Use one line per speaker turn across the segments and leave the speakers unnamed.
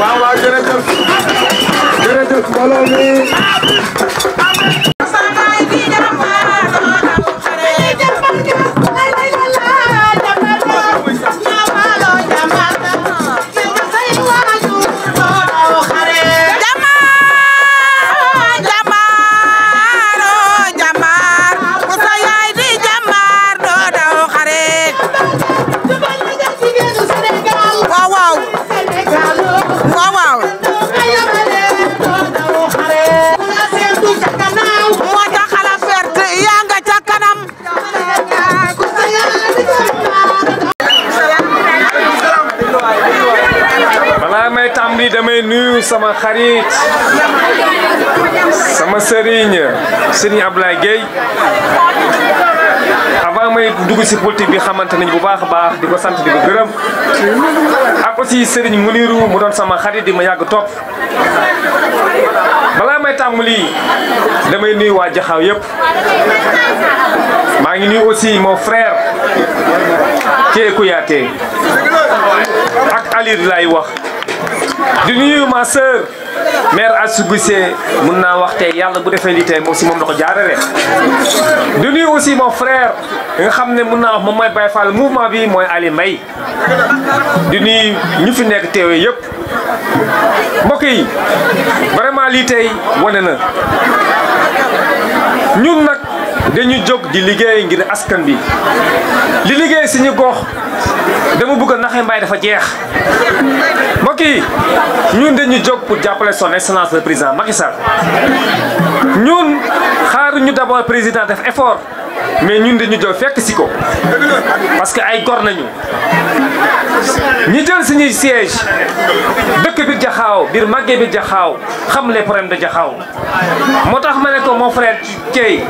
waaw waaw jërëjëf
jërëjëf mbooloo mi
sama xarit sama serinya, serinya Ablaye gay avant may dugg ci politique bi xamante bu baax baax diko sante diko gëreum ak aussi serigne Muniru mu don sama xarit di ma yag top bala may tamuli damay nuy wa jaxaw yep ma ngi nuy aussi mon frère ci ekuyate ak Alir lay wax di nuyu ma sœur mère Assou Guissé mun naa wax tey yàlla bu defee lii tey moom si moom la ko jaarale di nuyu aussi mon frère nga xam ne mun naa wax moom mooy Baye Fall mouvement bi mooy Ali Mbaye di nuyu ñu fi nekk teewee yëpp mbokk yi vraiment lii tey wane na ñun nag dañu jóg di liggéey ngir askan bi li liggéey suñu gox dama bugg a naxe mbaay dafa jeex mbokk yi ñun dañu jóg pour jàppale son excellence le président Macky Sall ñu xaaruñu d'abord président def effort mais ñun dañu jox fekk si ko parce que ay gor nañu ñi jël suñuy siège dëkk bi jaxaaw biir màggee bi jaxaaw xam les problèmes de jaxaaw moo tax ma ne ko mon frère Thiey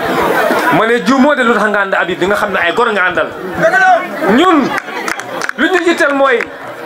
ma ne juumoo de lu tax nga ànd Habib bi nga xam ne ay gor nga àndal ñun lu ñu yitteel mooy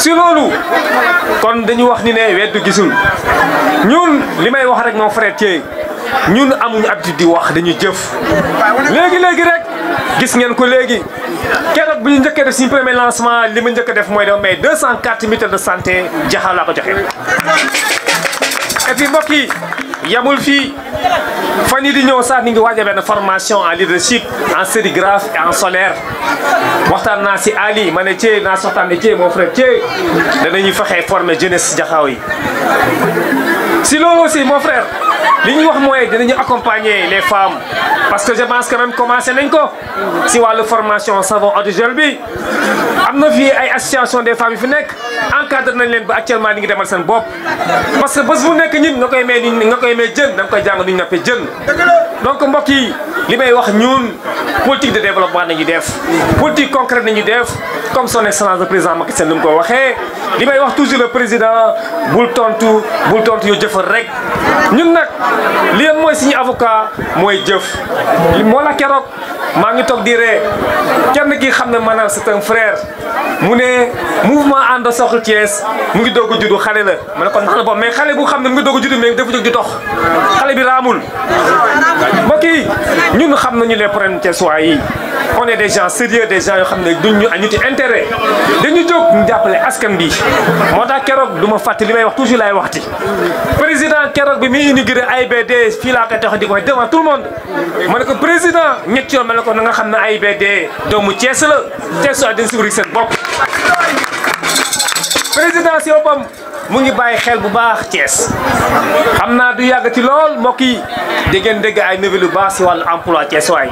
si loolu kon dañu wax ni ne weddu gisul ñun li may wax rek moom frère Thié ñun amuñu habitude di wax dañu jëf léegi léegi rek gis ngeen ko léegi keroog bu ñu njëkk a def suñu premier lancement li ma njëkk a def mooy dama may 204 mutuelle de santé jaxal ko joxe et puis yamul y fani di sa une formation en leadership en sérigraphie et en solaire Moi, c'est Ali suis allé na mon frère former jeunesse je yi. si aussi mon frère li ñu wax accompagner les femmes parce que je pense que même commencer nañ ko si une formation savon eau bi. am na fii ay association des femmes yi fi nekk encadré nañ leen ba actuellement di ngi demal seen bopp parce que bés bu nekk ñun nga koy may ni nga koy may jën da nga koy jàng nu ñu nappee jën donc mbokk yi li may wax ñun politique de développement nañu def politique concrète nañu def comme son excellence le président Macky Sall ni mu ko waxee li may wax toujours le président bul tontu bul tontu yoo jëfal rek ñun nag li mooy suñu avocat mooy jëf moo la keroog maa ngi toog di ree kenn ki xam ne maanaam c'est un frère mu ne mouvement ànd soxla Thiès mu ngi doog a juddu xale la ma ne kon xale boobu mais xale bu xam ne mu ngi doog a juddu mais dafa jóg di xale bi raamul mbokk yi ñun xam nañu les problèmes Thiès waay yi on est des gens sérieux des gens qui ont ne duñ ñu añuti intérêt nous jóg ñu askan bi moo tax keroog du ma fàtte je suis wax toujours là. waxti président Kérok, bi muy inauguré AIBD fii laa koy tax di ko devant tout le monde Je suis ko président je suis le président ko na nga xam ne AIBD doomu Thiès la Thiès waa dina si wér président si mu ngi bàyyi xel bu baax Thiès xam naa du yàgg ci lool mbokk yi di ngeen dégg ay nouvelles yu baax si wàllu emploi Thiès waay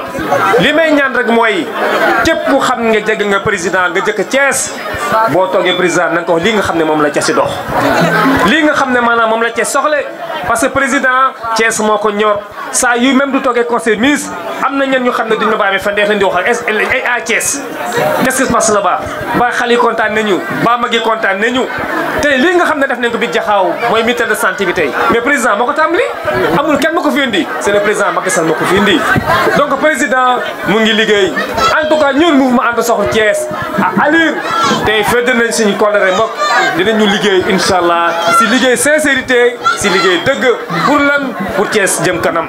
li may ñaan rek mooy képp ku xam nga jege nga président nga jëkk Thiès boo toogee président na ko li nga xam ne moom la Thiès di dox lii nga xam ne maanaam moom la Thiès soxle parce que président Thiès moo ko ñor saa yu même du toogee conseil ministre am na ñenn ñu xam ne duñu la bàyyi fan dee leen di wax ay à Thiès quest passe là-bas ba xale yi kontaan nañu ba mag yi kontaan nañu te def nañ ko biir jaxaaw mooy ministère de santé bi tey mais président moo ko tàmbali amul kenn ma ko fi indi c'est le président Macky Sall fii ko indi donc président mu ngi liggéey en tout cas ñun mouvement ànd soxla Thiès à allure tey fedd nañ suñu colère mbokk dinañu liggéey incha allah si liggéey sincérité si liggéey dëgg pour lan pour Thiès jëm kanam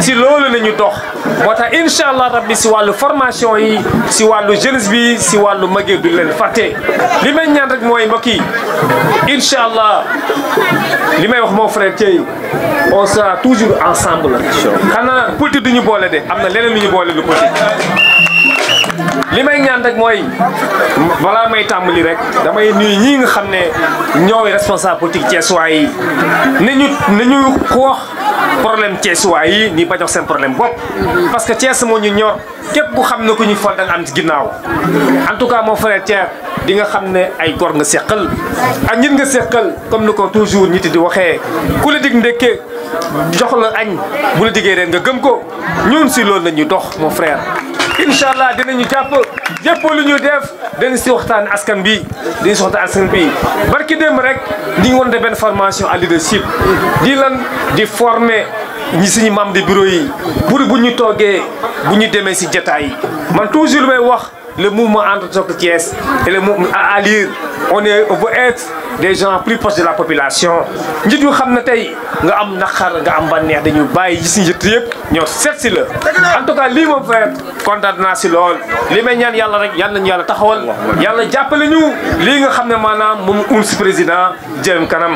si loolu la ñu dox moo tax incha allah rabbi si wàllu formation yi si wàllu jeunesse bi si wàllu magir du leen fàtte li may ñaan rek mooy mbokk yi incha allah li may wax mon frère Thiey on sera toujours ensemble xanaa politique du ñu boole de am na leneen lu ñu boole lu politique li may ñaan rek mooy balaa may tàmbali rek damay nuyu ñii nga xam ne ñooy responsable politique Thiessois yi nañu nañu xoox problème Thiessois yi ñu bañ a wax seen problème bopp. parce que Thiès moo ñu ñor képp ku xam ne ku ñu fol da nga am ginnaaw en tout cas moo frère Thiès di nga xam ne ay gor nga seqal ak ñit nga seqal comme ni ko toujours ñi di waxee ku la dig ndekke jox la añ bu la diggee reen nga gëm ko ñun si loolu la ñuy dox mon frère. Inshallah, dinañu japp jepp lu ñu def dañ si waxtaan askan bi dañ soxta askan bi barki rek di formation à leadership di lan di former ñi suñu de bureau pour toujours le mouvement entre et le mouvement on veut être des gens plus proches de la population ñi nga am nga am ñoo seet la en tout cas lii moom fa kontaan naa si lool li may ñaan yàlla rek yàlla nañu yàlla taxawal yàlla jàppale ñu lii nga xam ne maanaam moom uns président jëm kanam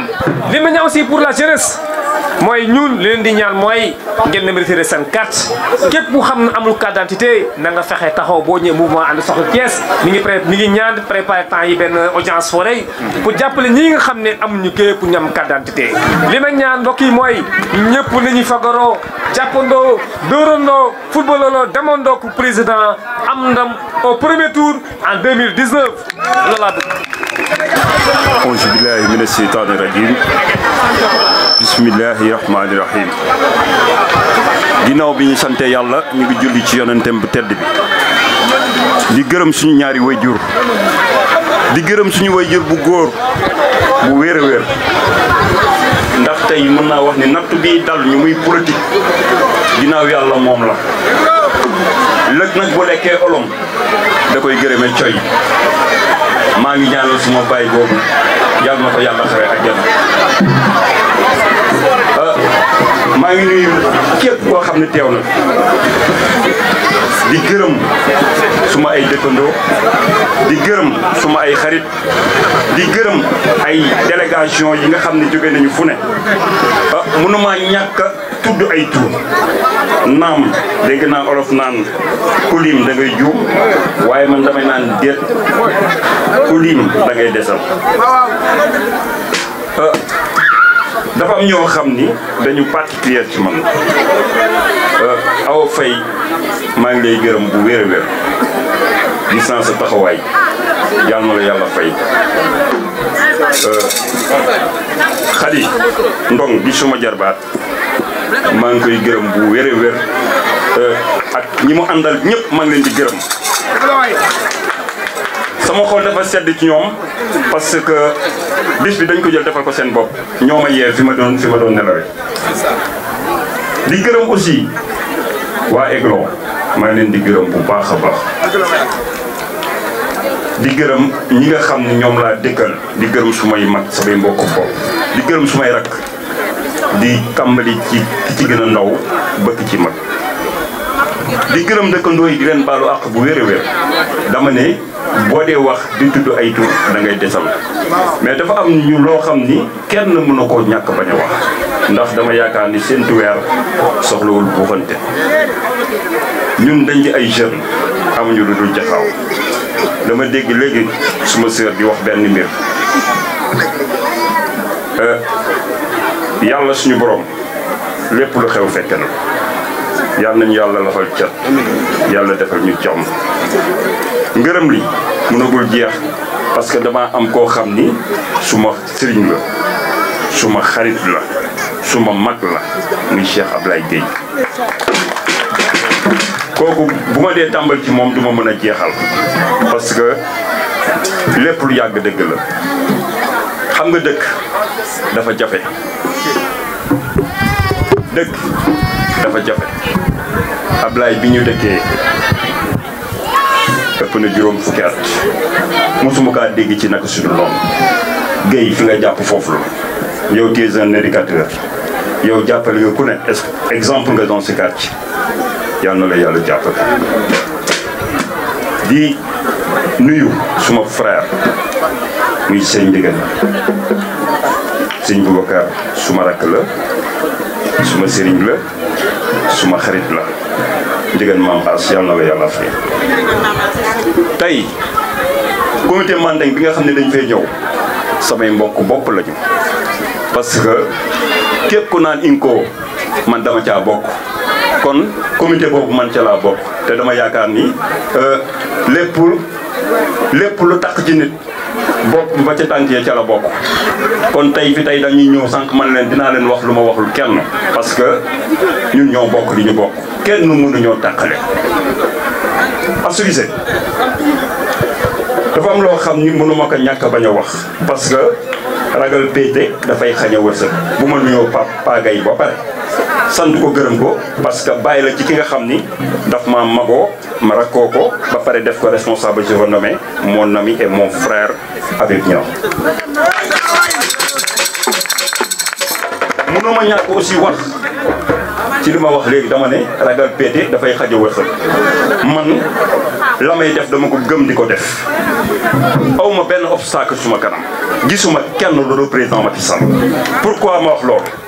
li may ñaan aussi pour la jeunesse mooy ñun leen di ñaan mooy ngeen dem retiré seen carte képp ku xam amul carte d'identité na nga fexe taxaw boo ñëwee mouvement ànd soxla pièce mi ngi mi ngi ñaan temps yi audience forêt pour ñi nga carte d'identité li may ñaan mbokk yi nañu xeexandoo dóorandoo président am ndam au premier tour en 2019 loolu laa bëgg.
auzu billaahi bismillaahi rahmaani ginnaaw bi ñu sante yàlla ñu ngi julli ci yonentem bu tedd bi di gërëm suñu ñaari wayjur di gërëm suñu wayjur bu góor bu wéer a wéer ndax tey mën naa wax ni natt bi dal ñu muy politique ginnaaw yàlla moom la lëg nag boo lekkee olom da koy gërëme coy maa ngi ñaanal suma baay boobu yàlla na ko yàlla xare ak
jàmm
maa ngi nuyu képp koo xam ne teew na di gërëm suma ay dëkkandoo di gërëm suma ay xarit di gërëm ay délégation yi nga xam ne jóge nañu fu ne ah, mënuma ñàkk tudd ay tuur naam dégg naa olof naan kulim da ngay juum waaye man damay naan déet kulim da desal dafa am ñoo xam ni dañu particulier ci man euh, aw fay maa ngi lay gërëm bu wér a wér gis naa sa taxawaay yàlla na la yàlla fay xali euh, ndong bi suma jarbaat maa ngi koy gërëm bu wér a wér euh, ak ñi mu àndal ñëpp maa ngi leen di gërëm sama xol dafa sedd ci ñoom parce que bis bi dañ ko jël defal ko seen bopp ñoo ma yeer fi ma doon fi ma doon nelawee di gërëm aussi waa Aiglon maa leen di gërëm bu baax a baax di gërëm ñi nga xam ne ñoom laa dëkkal di gërëm su mag samay mbokk bopp di gërëm su may di tàmbali ci ki ci gën a ndaw ba ki ci mag di gërëm dekk ndoy di leen balu ak bu wéré wér dama né bo dé wax di tuddu ay tu da ngay déssal mais dafa am ñu lo xamni ni kenn eh, mëna ko koo baña wax ndax dama yaakaar ni soxlu wul bu xonté ñun dañ di ay jeunes am ñu dudul jaxaw dama dégg légui suma sœur di wax benn mbir yalla suñu borom lepp lu xew fekk yàlla nañu yàlla lafal cat yàlla defar ñu jàmm ngërëm li mënagul jeex parce que damaa am koo xam ni suma sëriñ la suma xarit la suma mag la muy Cheikh Ablaye Gueye kooku bu ma dee tàmbal ci moom duma mën a jeexal parce que lépp lu yàgg dëgg la xam nga dëkk dafa jafe dëkk dafa jafe ablaay bi ñu dëkkee ëpp na juróom fukki at mosuma kaa dégg ci naka suñu lool géey fi nga jàpp foofu la yow tu es yow jàppale ku ne exemple nga dans ce quartier la yàlla jàppale di nuyu suma frère muy sëñ Ndigal sëñ Boubacar suma rakk la suma sëriñ la suma xarit la ndigal maam xaas yàlla na ko yàlla fay tey comité Mandeng bi nga xam ne dañ fay ñëw samay mbokk bopp lañu parce que képp ku naan Inco man dama caa bokk kon comité boobu man ca laa bokk te dama yaakaar ni euh, lépp lu tax ci nit bopp bi ba ca tànk ya ca la bokk kon tey fi tey dañuy ñëw sànq man leen dinaa leen wax lu ma waxul kenn parce que ñu ñoo bokk li ñu bokk kenn mënuñoo tàqale Astou dafa am loo xam ni mënuma ko ñàkk a bañ wax parce que ragal péete dafay xañ a wërsëg bu ma nuyoo pa pagay ba pare sant ko gërëm ko parce que bàyyi la ci ki nga xam ni dafa ma magoo ma rakkoo ko ba pare def ko responsable je renommé mon ami et mon frère Habib Niang mënuma ñàkk aussi wax ci li ma wax léegi dama ne ragal péete dafay xajo wërsëg man la may def dama ko gëm di ko def awma benn obstacle suma kanam gisuma kenn loolu président Macky Sall pourquoi ma wax loolu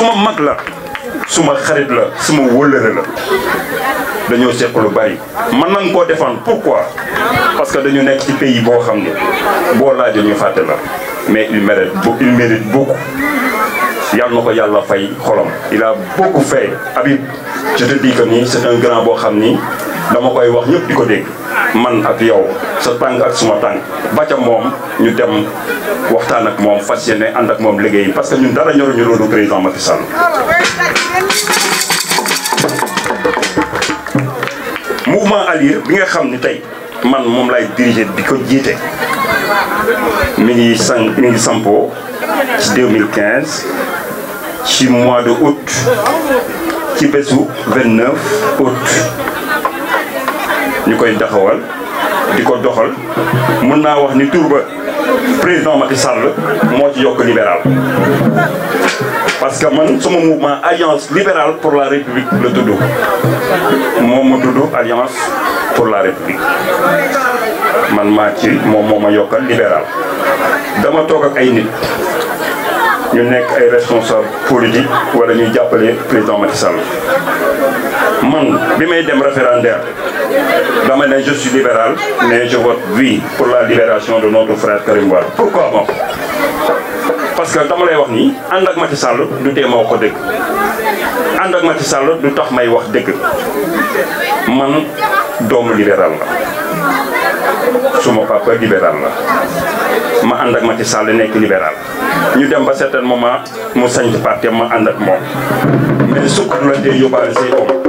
suma mag la suma xarit la suma wëllëre la dañoo seq lu bari man nañ koo défendre pourquoi parce que dañu nekk ci pays boo xam ne boo laajee ñu fàtte la mais il mérite il mérite beaucoup yàlla na ko yàlla fay xolam il a beaucoup fait Habib je te dis que nii c'est un grand boo xam ni dama koy wax ñëpp di ko dégg man ak yow sa tànk ak suma tànk ba moom ñu dem waxtaan ak moom fas yéene ànd ak moom liggéey parce que ñun dara ñoruñu loolu président Macky Sall mouvement Alir bi nga xam ni tey man moom lay diriger di ko jiite mi ngi san mi ngi sampoo ci 2015 mois de août ci bésu 29 août ñu koy taxawal nous doxal mën na wax ni tourba président Macky Sall mo ci yok libéral parce que man sama mouvement alliance libérale pour la république le tudd moom ma alliance pour la république man maa ci moom libéral dama tok ak ay nit ñu nekk ay responsable politique wala ñu jàppale président Macky Sall man bi may dem référendaire dama ne je suis libéral mais je vote pour la libération de notre frère Karim Wade pourquoi moom parce que dama lay wax nii ànd ak Macky Sall du tee ma ko dëgg ànd ak Macky Sall du tax may wax dëgg man doomu libéral la suma papa libéral la ma ànd ak ma Macky Sall nekk libéral ñu dem ba certain moment mu sañ parti ma ànd ak moom mais sukkandiku la tey yóbbaale say om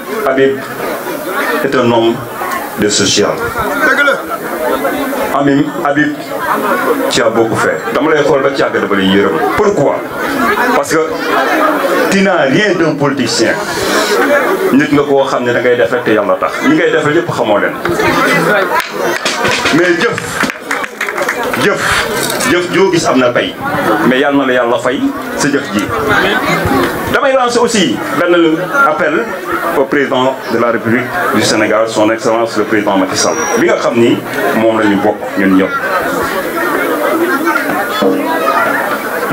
Habib est un homme de social. Amim Habib tu as beaucoup fait Dans mon école, tu as dafa lay pourquoi parce que tu n'as rien d'un politicien nit nga koo xam ne da ngay def rek te yàlla tax li ngay def lépp xamoo mais Dieu jëf jëf joo gis am na pay mais yàlla na la yàlla fay sa jëf ji damay lancer aussi un appel au président de la république du Sénégal son excellence le président Macky Sall bi nga xam ni moom la ñu bokk ñun ñëpp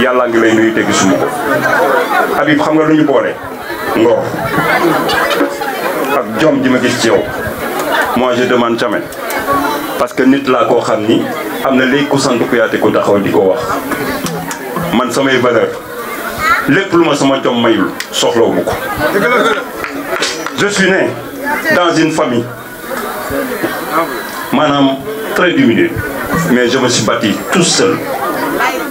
yalla ngi lay nuyu te gisuma ko Habib xam nga lu ñu boole ngor ak jom ji ma gis ci yow moi je demande jamais parce que nit la koo xam ni am na léegi ku sant Kouyaté ku taxaw di ko wax man samay valeur lépp lu ma sama jom mayul soxlawuma ko je suis né dans une famille maanaam très diminué mais je me suis bâti tout seul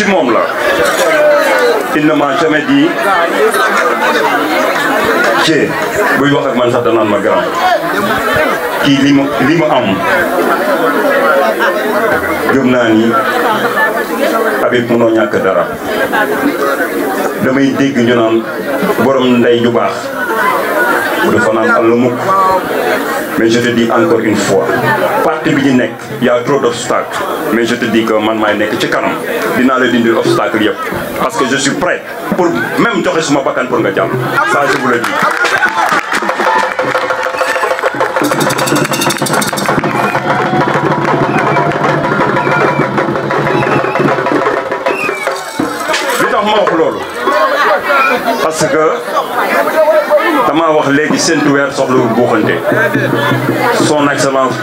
ci mom la il ne m'a jamais dit Dieng buy wax ak man sax nan ma gram ki limo limo am gëm na ni Habib mënoo ñak dara damay dégg ñu naan borom ndey ju baax bu dafa naan àll mais je te dis encore une fois parti bi ñu Il y a trop d'obstacles. mais je te dis que man may nek ci kanam dina le dindil obstacle parce que je suis prêt pour même joxe suma bakkan pour nga jàll ça je vous le dis sur le son excellence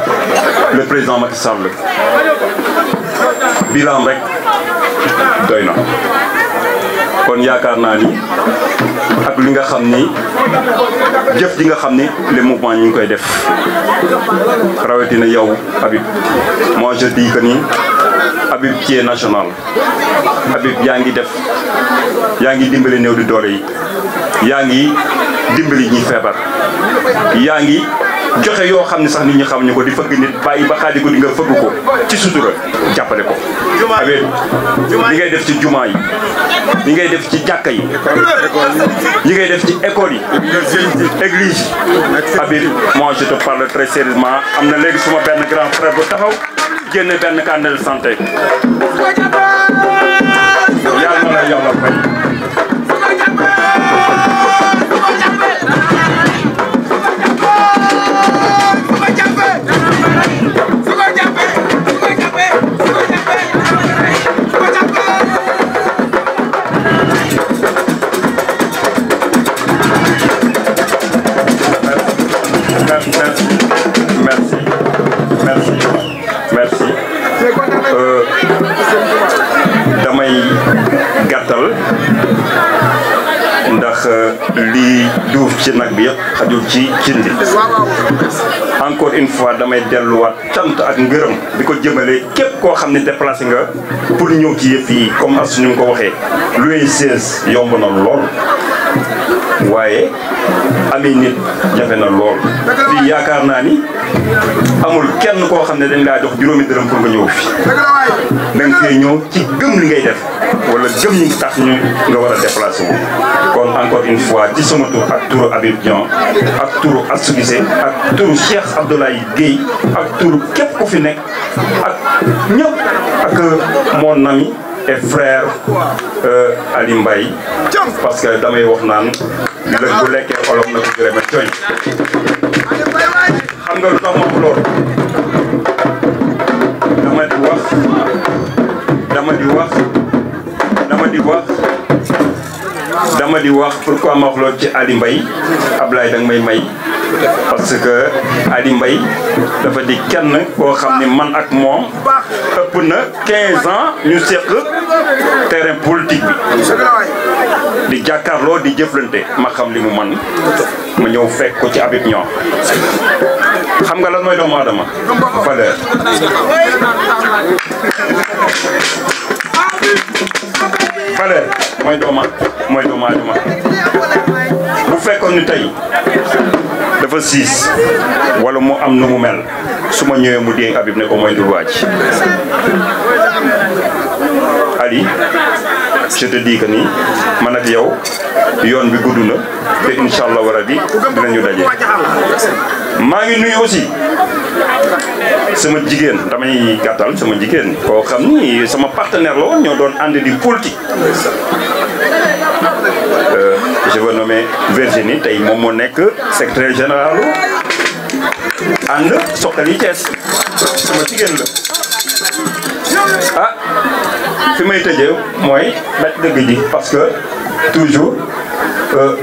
le président Macky Sall bilan rek doy kon yakarna ni ak li nga xamni nga les mouvements ñu koy def yow Habib moi je dis que ni Habib est national Habib Yangi def Yangi Dimbele Yangi di dimbali ñuy feebar yaa ngi joxe yoo xam ne sax ni ñu xam ñu ko di fëgg nit bàyyi ba xaadi ko di nga fëgg ko ci sutura jàppale ko avec li ngay def ci jumaa yi li ngay def ci jàkk yi li ngay def ci école yi église yi Habib moi je te parle très sérieusement am na léegi suma benn grand frère bu taxaw génne benn carnet de santé yàlla na yàlla fay lii duuf ci nag bi yëpp xajul ci cin li encore une fois damay delluwaat cant ak ngërëm bi ko jëmalee képp koo xam ne déplacé nga pour ñëw ci yëf yi comme su ñu ko waxee luy 16 yomb na lool waaye amee nit jafe na lool fii ni amul kenn ko xamne ne dañ laa jox juróomi dërëm pour nga ñew fi da nga ñew ñëw ci gëm li ngay def wala gëm ñi tax ñu nga wara déplacer déplacé kon encore une fois ci sama tour ak tour Habib Dieng ak tour Assou ak tour Cheikh Abdoulaye Guèye ak tour képp ku fi nek ak ñëpp ak mon ami et frère euh, Ali Mbaye parce que damay wax naan lëg bu lekkee olof na ko jërëma cooñ xam nga lu tax ma wax loolu dama di wax dama di wax dama di wax dama di wax pourquoi ma wax loolu ci Ali Mbaye Ablaye danga may may parce que Adi Mbaye dafa di kenn ko xamni man ak mom ëpp na 15 ans ñu sékk terrain politique bi di jakarlo di jëflante ma xam li mu man ma ñëw fekk ko ci Habib Niang xam nga lan mooy doomu aadama valeur valeur moy doomu moy doomu aadama bu fekkoon ni dafa siis wala mu am nu mu mel mu ne ko moy dur wacc Ali je te dis que ni man ak yow yoon bi gudd na inshallah wara bi rabi ñu dajé
ma ngi nuyu aussi
sama jigéen damay gàttal sama jigen ko xamni sama partenaire la won ñoo doon ànd di politique Euh, je veux nommer Virginie tey moom moo nekk secrétaire général ànd Suxali Thiès sama jigéen la ah fi may tëjee mooy daj dëgg ji parce que toujours euh,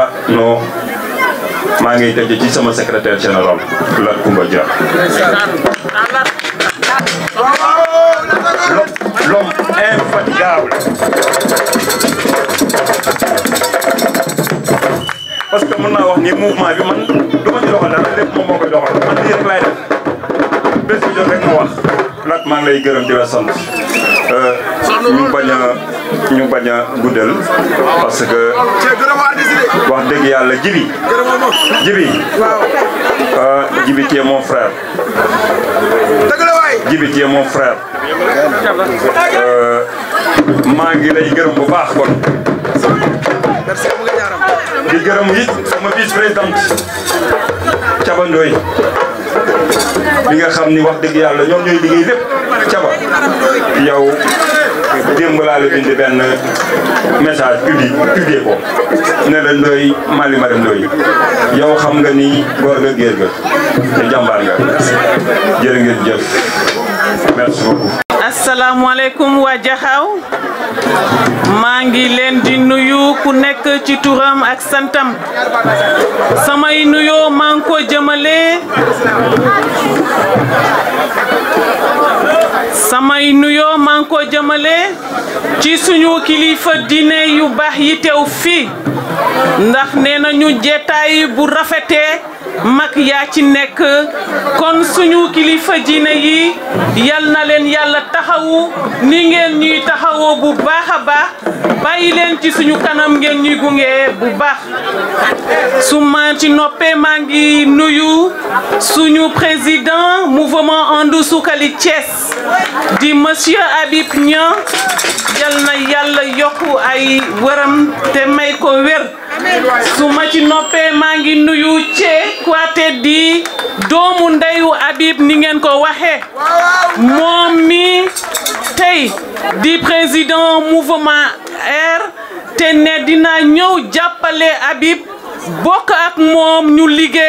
ah non maa ngi tëjee ci sama secretaire général Lat Koumba Dia infatigable. parce que mën naa wax ni mouvement bi man du ci doxal dara lépp moom moo koy doxal man lii rek laay def bés bu jot rek wax. Lat maa ngi lay gërëm di la euh, ñu bañ a ñu parce que wax dëgg yàlla jibi jibi euh, jibi tu mon frère. jibi tu mon frère. Euh, maa ngi lay gërëm bu baax kon di gërëm it sama vice présidente Caba Ndoye bi nga xam ni wax dëgg yàlla ñoom ñooy liggéey lépp Caba yow démb laa la bind benn message public publié ko ne la Mali Maram Ndoye yow xam nga ni góor nga géer nga te nga jërë ngeen
jëf asalaamualeykum waa Jaxaaw maa ngi leen di nuyu ku nekk ci turam ak santam samay nuyoo maa ngi ko jëmale nuyoo maa ngi jëmale ci suñu kilifa diine yu baax yi teew fii ndax nee nañu jeetaay bu rafetee mag yaa ci nekk kon suñu kilifa diine yi yal na leen yàlla taxawu ni ngeen ñuy taxawoo bu baax a baax bàyyi leen ci suñu kanam ngeen ñuy gunge bu baax su ma ci noppee maa ngi nuyu suñu président mouvement Andu Suxali Thiès di monsieur Habib Niang yal na yàlla yokku ay wëram te may ko wér Sou machi nopè mangin nou yu che kwa te di Do moun dayou abib nigen ko wakè Moun mi te di prezidant mouvman er Te nedina nyou djapale abib Bok ak moun nyou ligè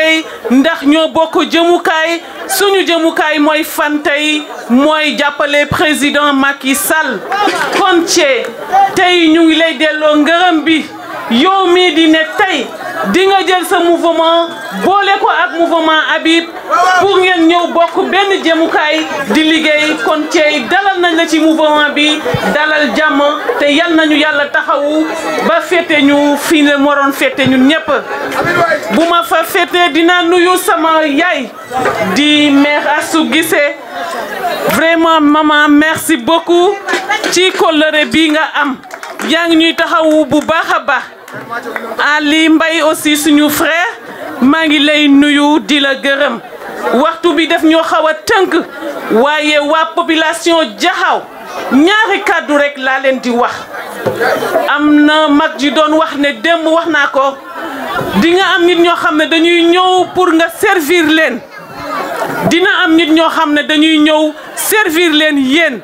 Ndak nyou boko djemoukè Sou nyou djemoukè mwen fan te Mwen djapale prezidant maki sal Kon che te yu yu ley de longerem bi yow mii di ne tey di nga jël sa mouvement boole ko ak mouvement Habib pour ngeen ñëw bokk benn jëmukaay di liggéey kon ceey dalal nañ la ci mouvement bi dalal jàmm te yal nañu yàlla taxawu ba fete ñu fi la waroon fete ñun ñëpp bu ma fa fete dinaa nuyu sama yaay di mère Astou Guissé vraiment mama merci beaucoup ci kóllëre bi nga am yaa ngi ñuy taxawu bu baax a baax Ali mbay aussi suñu frère maa ngi lay nuyu di la gërëm waxtu bi def ñoo xaw a tënk waaye waa population jaxaw ñaari kàddu rekk laa leen di wax am na mag ji doon wax ne démb wax naa ko di nga am nit ñoo xam ne dañuy ñëw pour nga servir leen dina am nit ñoo xam ne dañuy ñëw servir leen yéen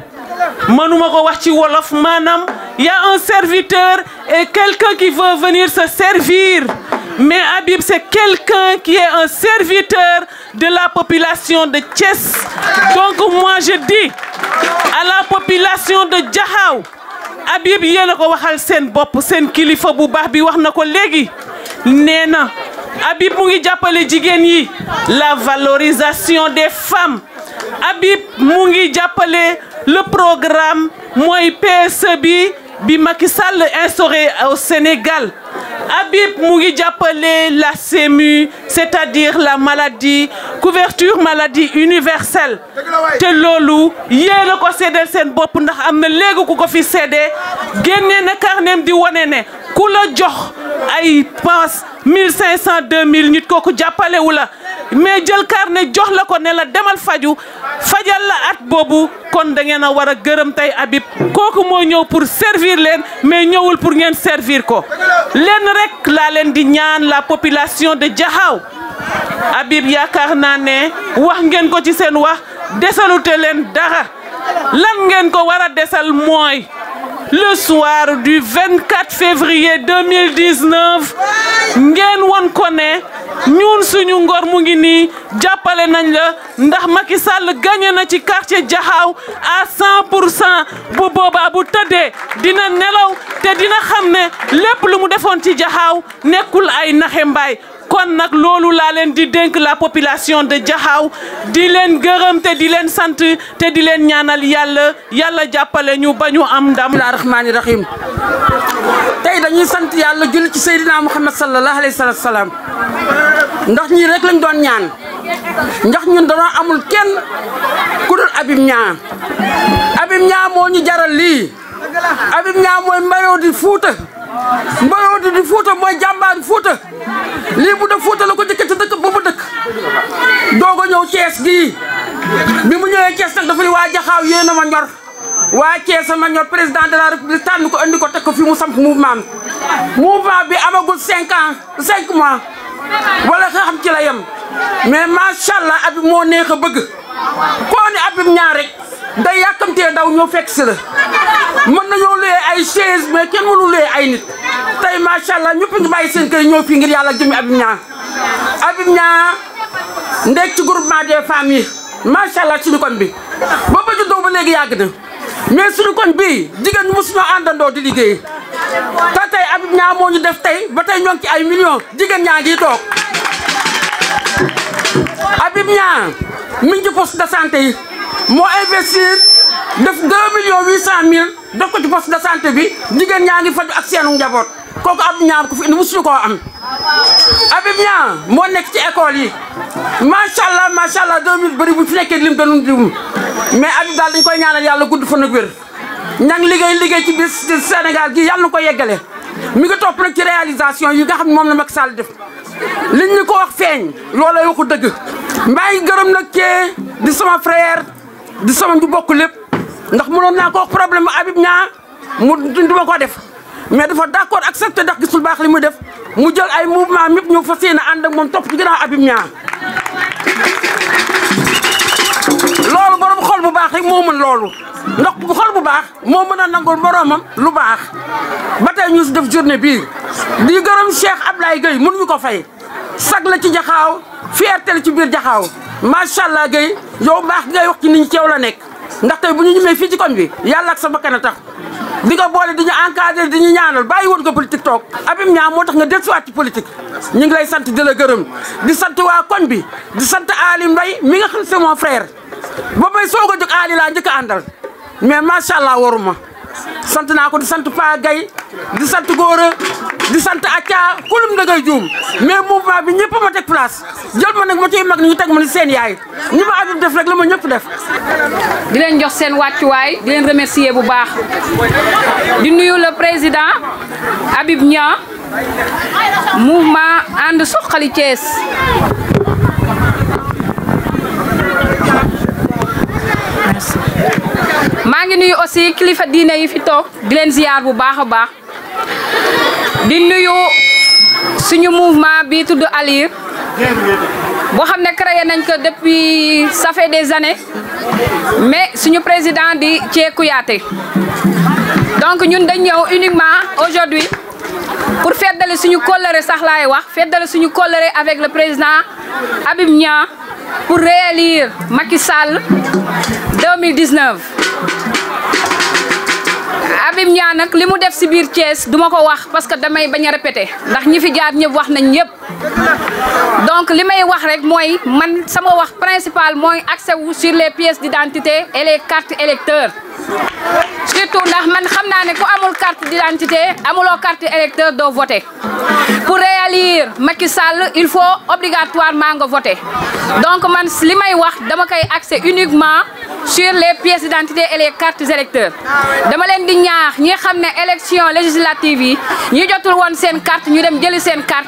mënuma ko wax ci wolof maanaam Il y a un serviteur et quelqu'un qui veut venir se servir. Mais Habib, c'est quelqu'un qui est un serviteur de la population de Thiès. Donc moi, je dis à la population de Djahaou, Habib y a ko waxal seen bopp seen kilifa bu Habib la valorisation des femmes Habib il le programme Moi e PSE bi Macky au Sénégal Habib mu ngi la CMU c'est-à-dire la maladie couverture maladie universelle te loolu yéen a ko seedeel sen bop ndax am na léegi ko fi cédé, génnee na di wanene, ne ku la jox ay pass 1500 2000 nit diapale jàppalewu la mais jël carnet jox la ko ne la demal faju fajal la at boobu kon da ngeen a war a gërëm tey Habib kooku moo ñëw pour servir leen mais ñëwul pour ngeen servir ko leen rek laa leen di ñaan la population de Diakhao Habib yaakaar naa ne wax ngeen ko ci seen wax desalute leen dara lan ngeen ko war a desal mooy le soir du 24 février 2019 ngeen won ko ne ñun suñu ngor mu ngi ni jappalé nañ la ndax Macky Sall gagné na ci quartier Jahaw à 100 bu boobaa bu tëddee dina nelaw té dina xamné ne lépp lu mu defoon ci Jahaw nekkul ay naxé mbaay kon nag loolu laa leen di dénk la population de Diakhao di leen gërëm te di leen sant te di leen ñaanal yàlla yàlla jàppale ñu bañu ñu am ndam. bismilaahi rahmaani rahiim tey dañuy sant yàlla julli ci Seydina Muhammad sallallahu alayhi wa sallam
ndax ñii rek lañ doon ñaan ndax ñun danoo amul kenn ku dul Habib Niang Habib Niang moo ñu jaral lii Habib Niang mooy mbayoo di Fuuta. Mbaye Wade di foto mooy jàmbaari foto. lii mu def Fouta la ko njëkk ci dëkk ba mu dëkk doog a ñëw Thiès gii bi mu ñëwee Thiès nag dafa ne waa Jaxaaw yéen a ma ñor waa Thiès ma ñor président de la république tànn ko andi ko teg ko fi mu samp mouvement bi mouvement bi amagul cinq ans cinq mois wala nga xam ci la yem mais macha abi moo neex bëgg koo ne abim ñaar rek. day yàkkamtee ndaw ñoo fekk si la mën nañoo lee ay chaise mais kenn mënu lee ay nit tey macha allah ñëpp ngi bàyyi seen kër ñëw fii ngir yàlla jëmi Habib Niang Habib Niang ndek ci groupement des femmes yi macha allah suñu koñ bi ba ba juddoo ba léegi yàgg na mais suñu koñ bii jigéen ñi mosuñoo àndandoo di liggéey te tey Habib Niang moo ñu def tey ba tey ñoo ci ay millions jigéen ñaa ngi toog Habib Niang mi ngi ci poste yi. moo investir def 2 millions 800 mille def ko ci poste de sant bi jigéen ñaa ngi faju ak seenu njaboot kooku Abdou ñaar ku fi indi musuñu koo am Habib Niang moo nekk ci école yi macha allah macha allah 2000 bëri bu fi nekkee lim dañu lim mais Habib daal dañ koy ñaanal yàlla gudd fan ak wér ña ngi liggéey liggéey ci biir Sénégal gi yàlla na ko yeggale mi ngi topp nag ci réalisation yi nga xam ne moom la Macky Sall def liñ ñu ko wax feeñ loolay waxu dëgg maa ngi gërëm nag kee di sama frère. di sama ñu bokk lépp ndax mu mënoon naa ko wax problème mu Habib mu du ko def mais dafa d'accord accepté ndax gisul baax li muy def mu jël ay mouvement mépp ñu fa yéene ànd ak moom topp ci ginnaaw Habib Niang loolu borom xol bu baax rek moo mën loolu ndax bu xol bu baax moo mën a nangul boromam lu baax ba tey ñu def journée bii di gërëm Cheikh Ablaye Gueye mënuñu ko fay. sag la ci jaxaaw fierté la ci biir jaxaaw macha allah gay yow baax ngay wax ci nit ñi ci la nekk ndax tey bu ñu ñemee fii ci koñ bi yàlla ak sa bakkan a tax di nga boole di ñu encadré di ñu ñaanal bàyyi woon nga politique toog abim ñaa moo tax nga dellusiwaat ci politique ñu ngi lay sant di la gërëm di sant waa koñ bi di sant Ali mbay mi nga xam c'est mon frère ba may soog a jóg Ali laa njëkk a àndal mais macha allah waruma sant naa ko di sant Pa Gaye di sant Gora di sant Acca kulum da ngay juum mais mouvement bi ñëpp ma teg place jël ma nag ma ciy mag ni ñu teg ma ni seen yaay ñi ma Habib def rek la ma ñëpp def.
di leen jox seen wàccuwaay di leen remercier bu baax di nuyu le président Habib Niang mouvement ànd suxali Thiès. maa nuyu aussi kilifa diine yi fi tok di len ziar bu baax baax di nuyu suñu mouvement bi tuddu Alir bo xam ne créé nañ ko depuis ça fait des années mais suñu président di Thie kuyaté donc ñun dañ ñëw uniquement aujourd'hui pour feddale suñu colère sax laay wax feddale suñu colère avec le président Habib pour réélire Macky Sall 2019 Habib Niang nag li mu def si biir du ma ko wax parce que damay bañ a répété ndax ñi fi jaar ñëpp wax nañ ñëpp donc ce que wax rek dire, man sama principal mooy accès sur les pièces d'identité et les cartes électeurs surtout ndax sais que si ne avez amul carte d'identité une carte électeur pour voter pour réélire Macky Sall il faut obligatoirement voter donc man li may wax dama c'est accès uniquement sur les pièces d'identité et les cartes électeurs dama vous di ñaax ñi élection législative yi ñi jotul carte ñu dem une carte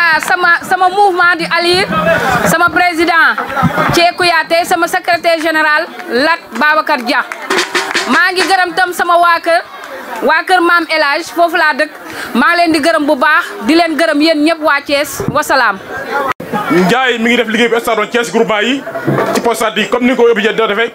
ah sama sama mouvement di ali sama président Thie Kouyaté sama secretaire général Lat Babacar Dia maa ngi gërëm tam sama waa kër waa kër maam El foofu laa dëkk maa ngi leen di gërëm bu baax di leen gërëm yéen ñëpp waa Thiès wasalaam.
Ndiaye mi ngi def liggéey bu stade Thiès groupement yi ci poste yi comme ni ko Obidien defee.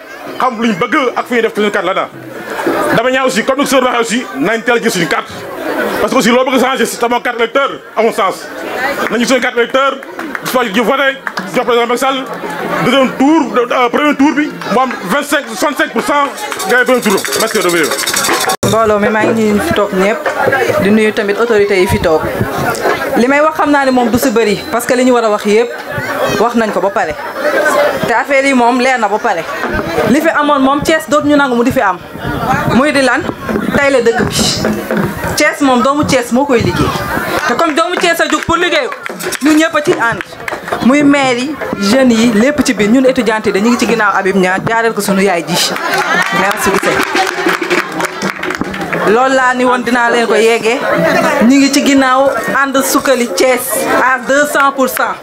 xam luñ bëgg ak fu ñuy def la dama ñaa aussi comme ni seur waxee aussi nañ teel sama carte électeur amul sens nañu suñu carte électeur disposi ji voté jox président tour euh, premier tour bi moom am vingt cinq soixante cinq pour cent gagné premier tour
merci mi maa ngi nuyu fi toog di nuyu tamit autorités yi fi toog li may wax xam naa ne moom du si bëri parce que li ñu war a wax yëpp wax nañ ko ba pare te affaire moom leer na ba pare li fi amoon moom cees doot ñu nangu mu di fi am muy di lan tay la dëkk bi Thiès moom doomu cees moo koy liggéey te comme doomu Thiès a jug pour liggéey ñu ñëpp ci ànd muy maire yi jeunes yi lépp ci biir ñun étudiants yi ñu ngi ci ginnaaw Habib ñaar jaareel ko sunu yaay ji merci beaucoup loolu laa ni woon dinaa leen ko yeggee ñu ngi ci ginnaaw ànd sukkali Thiès à cent pour cent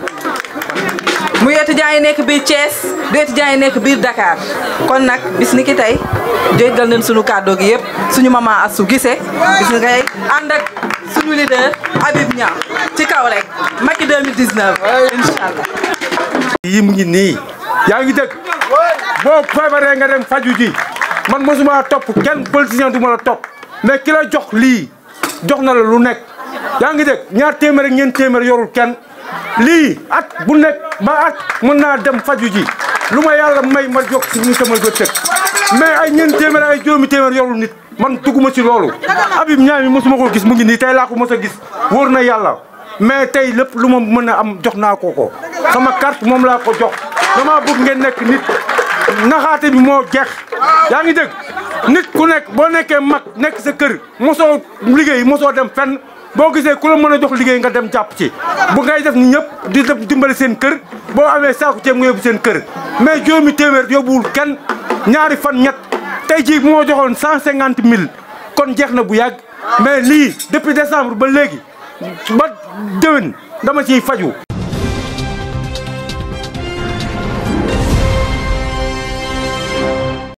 mu étudiants jaay nek bi Thiès di étudiants yi nekk biir Dakar kon nak bis ni ki tey jéggal nañ suñu cadeau gi yëpp suñu mama Astou Guissé bis ni kay ànd ak suñu leader Habib nya ci kaw rek Macky 2019 inshallah
allah. mu ngi ni yaa ngi dëkk boo feebaree nga dem faju ji man mosuma top kenn politicien du ma top mais ki la jox li jox na la lu nek yaa ngi dëkk ñaar témer ak ñen témer yorul kenn. lii at bu nekk ba at mën naa dem faju ji lu ma yàlla may ma jóg si ñu sama bëccëg mais ay ñeent téeméer ay juróomi téeméer yorul nit man dugguma ci loolu abi Niang mi mosuma ko gis mu ngi nii tey laa ko mos a gis wóor na yàlla mais tey lépp lu ma mën a am jox naa ko ko sama carte moom laa ko jox dama bëgg ngeen nekk nit naxaate bi moo jeex yaa ngi dégg nit ku nekk boo nekkee mag nekk sa kër mosoo liggéey mosoo dem fenn boo gisee ku la mën a jox liggéey nga dem jàpp ci bu ngay def ni ñëpp di dem dimbali seen kër boo amee saaku ceeb nga yóbbu seen kër mais juróomi téeméer yóbbuwul kenn ñaari fan ñett tey jii moo joxoon cent cinquante mille kon jeex na bu yàgg mais lii depuis décembre ba léegi ba déwén dama ciy faju